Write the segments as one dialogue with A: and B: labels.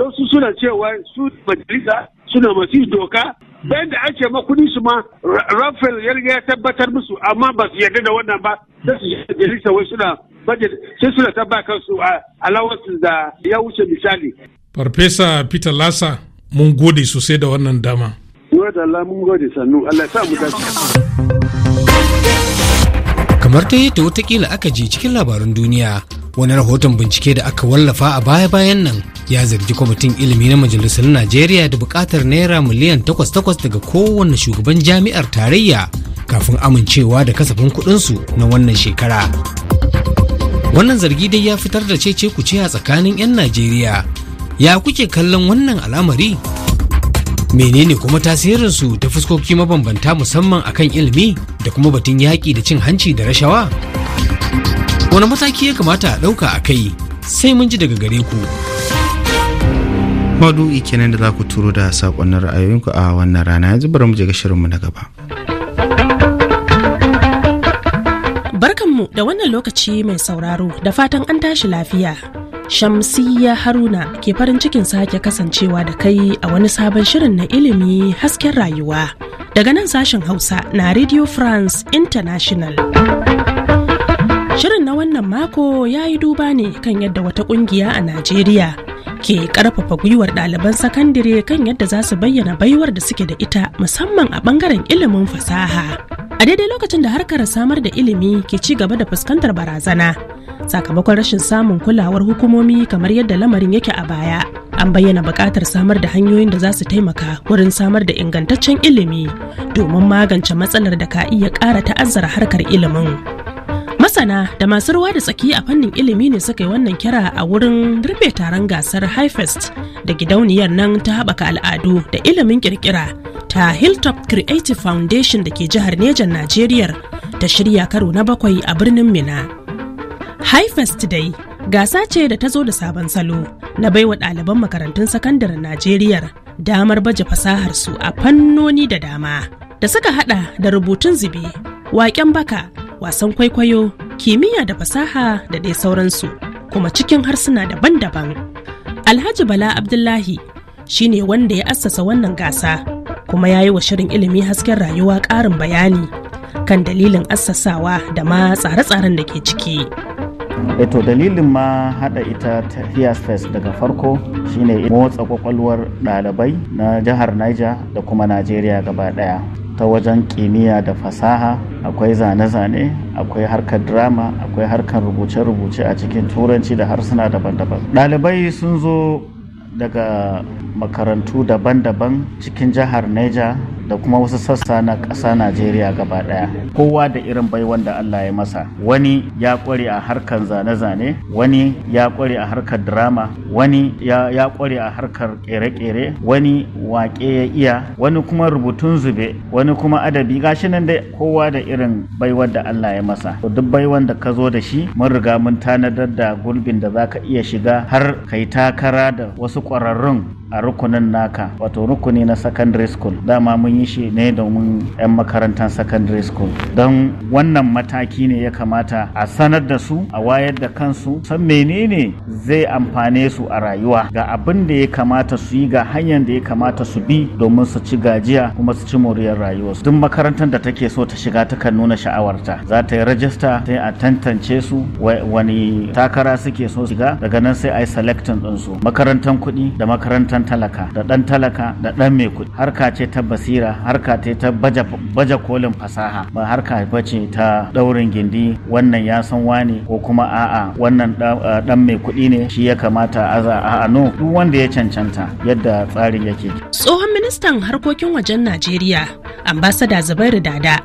A: don su suna cewa su majalisa suna masu doka bayan da ake makudi su ma rafael ya ya tabbatar musu amma ba su yarda da wannan ba sai su majalisa wai suna budget sai suna tabba kansu a allowances da ya wuce misali.
B: farfesa peter lasa mun gode sosai da wannan dama.
A: Yau da Allah ta
B: yadda aka je cikin labarin duniya wani rahoton bincike da aka wallafa a baya-bayan nan ya zargi kwamitin ilimi na majalisar najeriya da bukatar naira miliyan takwas takwas daga kowane shugaban jami'ar tarayya kafin amincewa da kasafin kuɗinsu na wannan shekara wannan zargi dai ya fitar da cece ce a tsakanin 'yan najeriya ya kuke kallon wannan al'amari menene kuma tasirinsu ta fuskoki mabambanta musamman akan ilimi da kuma batun yaƙi da cin hanci da rashawa wani mataki ya kamata a ɗauka a kai sai mun ji daga gare ku
C: Madu kenan da za ku turo da saƙonnin ra'ayoyinku a wannan rana yanzu bari mu je ga shirinmu na gaba
D: barkanmu da wannan lokaci mai sauraro da fatan an tashi lafiya Shamsiyya Haruna ke farin cikin sake kasancewa da kai a wani sabon shirin na ilimi hasken rayuwa. Daga nan sashen Hausa na Radio France International. wannan mako ya yi duba ne kan yadda wata kungiya a Najeriya ke karfafa gwiwar ɗaliban sakandire kan yadda za su bayyana baiwar da suke da ita musamman a ɓangaren ilimin fasaha. A daidai lokacin da harkar samar da ilimi ke ci gaba da fuskantar barazana sakamakon rashin samun kulawar hukumomi kamar yadda lamarin yake a baya. An bayyana buƙatar samar da hanyoyin da za su taimaka wurin samar da ingantaccen ilimi domin magance matsalar da ka iya ƙara ta'azzara harkar ilimin. Masana da masu ruwa da tsaki a fannin ilimi ne suka yi wannan kira a wurin rufe taron gasar Highfest da gidauniyar nan ta haɓaka al'adu da ilimin kirkira ta Hilltop Creative Foundation da ke jihar Nejan Najeriya ta shirya karo na bakwai a birnin Mina. Highfest dai gasa ce da ta zo da sabon salo na baiwa ɗaliban makarantun sakandaren Najeriya damar baje fasahar su a fannoni da dama da suka hada da rubutun zube, waƙen baka, wasan kwaikwayo kimiyya da fasaha da dai sauransu kuma cikin harsuna daban-daban alhaji bala abdullahi shine wanda ya assasa wannan gasa kuma ya yi wa shirin ilimi hasken rayuwa ƙarin bayani kan dalilin assasawa da ma tsare-tsaren da ke ciki
C: eto eh dalilin ma hada ita ta fest daga farko shine motsa kwakwalwar ɗalibai na jihar niger da kuma najeriya gaba daya ta wajen kimiyya da fasaha akwai zane-zane akwai harkar drama akwai harkar rubuce-rubuce a cikin turanci da harsuna daban-daban ɗalibai sun zo daga makarantu daban-daban cikin jihar Neja da kuma wasu sassa na ƙasa Najeriya gaba ɗaya. Kowa da irin baiwan da Allah ya masa. Wani ya ƙware a harkar zane-zane, wani ya ƙware a harkar drama, wani ya ƙware a harkar ƙere-ƙere, wani waƙe ya iya, wani kuma rubutun zube, wani kuma adabi gashi nan dai kowa da irin baiwar da Allah ya masa. Duk baiwan da ka zo da shi mun riga mun tanadar da gulbin da za ka iya shiga har kai takara da wasu ƙwararrun a rukunin naka wato rukuni na secondary school dama mun yi shi ne domin 'yan makarantar secondary school don wannan mataki ne ya kamata a sanar da su a wayar da kansu san menene zai amfane su a rayuwa ga abin da ya kamata su yi ga hanyar da ya kamata su bi domin su ci gajiya kuma su ci moriyar rayuwa duk makarantar da take so ta shiga ta kan nuna sha'awarta za ta yi rajista ta a tantance su wani takara suke so shiga daga nan sai a yi din ɗinsu makarantar kuɗi da makarantar talaka da ɗan talaka da ɗan mai kuɗi harka ce ta basira harka ce ta baje kolin fasaha ba harka bace ta ɗaurin gindi wannan ya san wani ko kuma a'a wannan eh, ɗan mai kuɗi ne shi ya kamata aza a'a no duk wanda ya cancanta yadda tsarin yake
D: tsohon ministan harkokin wajen najeriya ambasada zubairu dada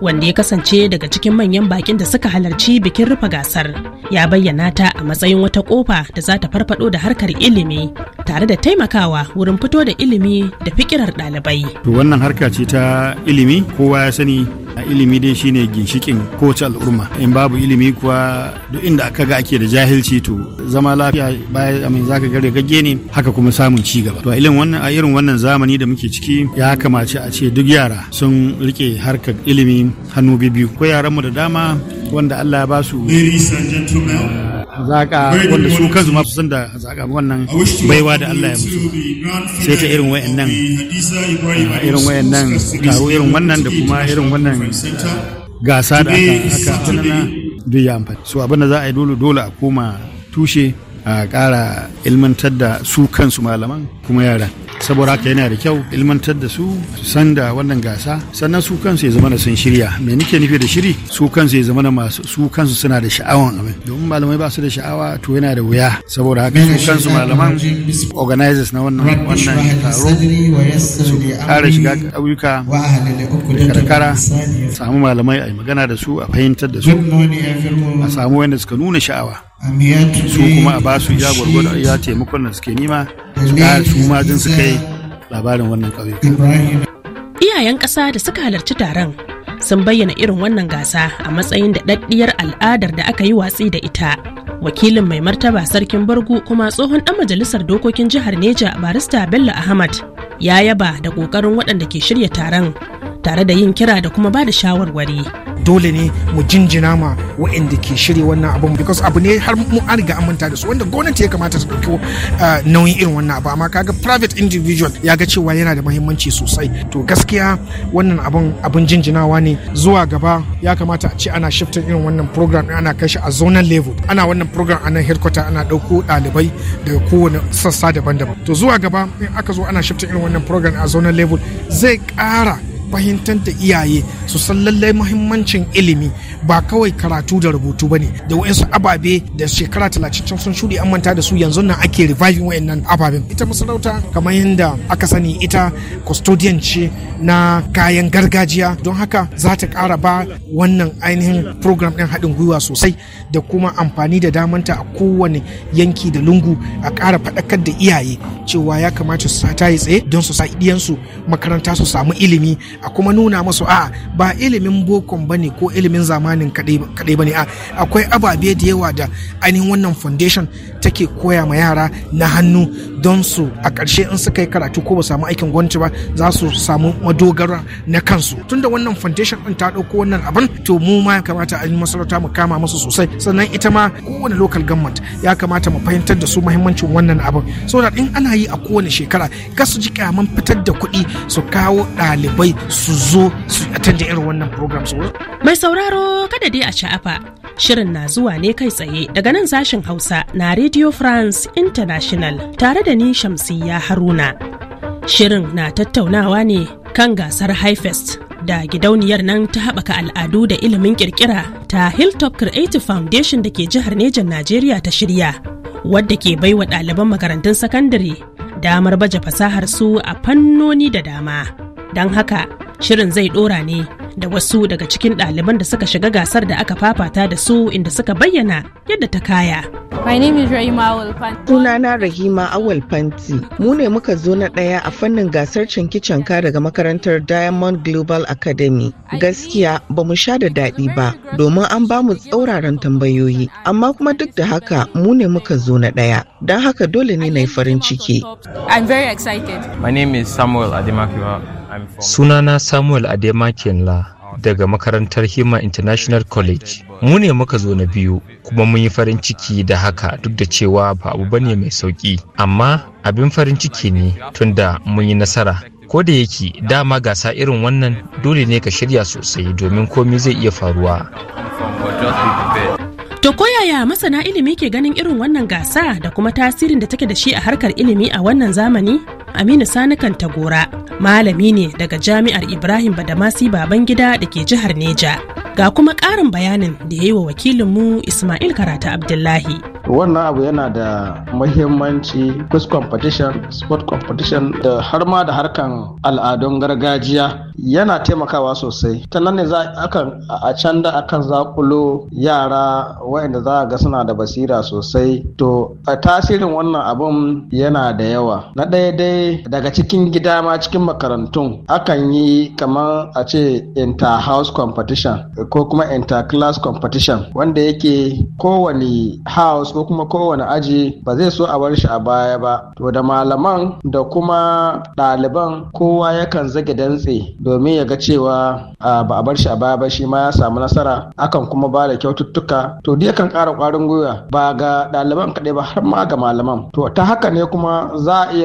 D: wanda ya kasance daga cikin manyan bakin da suka halarci bikin rufe gasar ya bayyana ta a matsayin wata kofa da za ta farfado da harkar ilimi tare da taimakawa wurin fito da ilimi da fikirar ɗalibai.
A: wannan harka ce ta ilimi kowa ya sani a ilimi dai shine ginshikin kowace al'umma in babu ilimi kuwa duk inda aka ga ake da jahilci to zama lafiya baya amin zaka gare gagge ne haka kuma samun ci gaba to ilimin wannan a irin wannan zamani da muke ciki ya kamace a ce duk yara sun rike harkar ilimi hannu biyu ko yaranmu da dama wanda Allah ya ba su eh, hazaka wanda su kansu ma san da hazaka wannan baiwa da Allah ya musu sai ta irin nan eh, irin nan taro irin wannan da kuma irin wannan gasa da aka aka duk ya amfani so abin da za a yi dole dole a koma tushe a ƙara ilmantar da su kansu malaman kuma yara saboda haka yana da kyau ilmantar da su su san da wannan gasa sannan su kansu ya zama da sun shirya me nike nufi da shiri su kansu ya zama da masu su kansu suna da sha'awan abin domin malamai ba su da sha'awa to yana da wuya saboda haka su kansu malaman organizers na wannan wannan taro su ƙara shiga ƙauyuka karkara samu malamai a magana da su a fahimtar da su a samu wanda suka nuna sha'awa
C: su kuma a basu ya gwargwada ya
A: taimakon da suke nima su ma jin su kai labarin wannan ƙauyuka.
D: iyayen ƙasa da suka halarci taron sun bayyana irin wannan gasa a matsayin da ɗaɗɗiyar al'adar da aka yi watsi da ita wakilin mai martaba sarkin bargu kuma tsohon ɗan majalisar dokokin jihar neja barista bello ahmad ya yaba da ƙoƙarin waɗanda ke shirya taron tare da yin kira da kuma ba da shawarwari dole ne mu jinjina ma wa'inda ke shirya
B: wannan abun because abu ne har mu an riga an manta da su wanda gwamnati ya kamata ta ɗauki uh, nauyin irin wannan abu amma kaga private individual ya ga cewa yana da mahimmanci sosai to gaskiya wannan abun abun jinjinawa ne zuwa gaba ya kamata a ce ana shifting irin wannan program ana kai shi a zonal level ana wannan program ana headquarter ana ɗauko ɗalibai daga kowane sassa daban-daban to zuwa gaba in aka zo ana shifting irin wannan program a zonal level zai ƙara fahimtar da iyaye su san lallai muhimmancin ilimi ba kawai karatu da rubutu ba ne da wa'insu ababe da shekara talatin can sun shuɗe an manta da su yanzu nan ake reviving wayannan ababen ita masarauta kamar yadda aka sani ita custodian ce na kayan gargajiya don haka za ta ƙara ba wannan ainihin program ɗin haɗin gwiwa sosai da kuma amfani da damanta a kowane yanki da lungu a ƙara faɗakar da iyaye cewa ya kamata su sa tayi tsaye don su sa idiyansu makaranta su samu ilimi a kuma nuna masu a ba ilimin bokon ba ne ko ilimin zamanin kadai bane a akwai ababe da yawa da ainihin wannan foundation take koya ma yara na hannu don su a ƙarshe in suka yi karatu ko ba samu aikin gwamnati ba za su samu madogara na kansu tunda wannan foundation din ta ɗauko wannan abin to mu ma ya kamata a yi masarauta mu kama masu sosai sannan ita ma kowane local government ya kamata mu fahimtar da su mahimmancin wannan abin saboda in ana yi a kowane shekara kasu ji kyaman fitar da kuɗi su kawo ɗalibai su zo
D: su attend irin wannan su mai sauraro kada dai a sha'afa shirin na zuwa ne kai tsaye daga nan sashen hausa na radio france international tare da ni shamsiyya haruna shirin na tattaunawa ne kan gasar highfest da gidauniyar nan ta haɓaka al'adu da ilimin kirkira ta hilltop creative foundation da ke jihar nejan najeriya ta shirya wadda ke baiwa ɗaliban makarantun sakandare damar baje fasahar su a fannoni da dama don haka shirin zai dora ne da wasu daga cikin ɗaliban da suka shiga gasar da aka fafata da su inda suka bayyana yadda ta kaya. na Rahima Fanti. Sunana Rahima Awal Fanti. Mu ne muka zo na ɗaya a fannin gasar canki-canka daga makarantar Diamond Global Academy. Gaskiya ba mu sha da daɗi ba domin an ba mu tsauraran tambayoyi. Amma kuma duk da haka mu ne muka zo na ɗaya. Don haka dole ne na yi farin ciki.
B: My name is Samuel Sunana Samuel Adema
C: Kenla daga makarantar Hima International College. Mu ne muka zo na biyu kuma mun yi farin ciki da haka duk da cewa ba abu bane mai sauki. Amma abin farin ciki ne tunda mun yi nasara. Ko da yake dama gasa irin wannan dole ne ka shirya sosai domin komi zai iya faruwa.
D: To ko yaya masana ilimi ke ganin irin wannan gasa da kuma tasirin da take da shi a harkar ilimi a wannan zamani? Aminu Sani Kantagora malami ne daga Jami'ar Ibrahim Badamasi Babangida da ke jihar Neja. Ga kuma ƙarin bayanin da ya yi wa wakilinmu Ismail Karata Abdullahi.
B: wannan abu yana da muhimmanci quiz competition sport competition da har ma da harkan al'adun gargajiya yana taimakawa sosai ta nan ne za akan a can da akan zakulo yara waɗanda za a ga suna da basira sosai to a tasirin wannan abun yana da yawa na ɗaya dai daga cikin gida ma cikin makarantun akan yi kamar a ce inter house competition ko kuma inter class competition wanda yake kowane house ko kuma kowane aji ba zai so a bar shi a baya ba to da malaman da kuma ɗaliban kowa yakan zage dantse domin ya ga cewa ba a bar shi a baya ba shi ma ya samu nasara akan kuma ba da kyaututtuka to duk yakan ƙara ƙwarin gwiwa ba ga ɗaliban kaɗai ba har ma ga malaman to ta haka ne kuma za a iya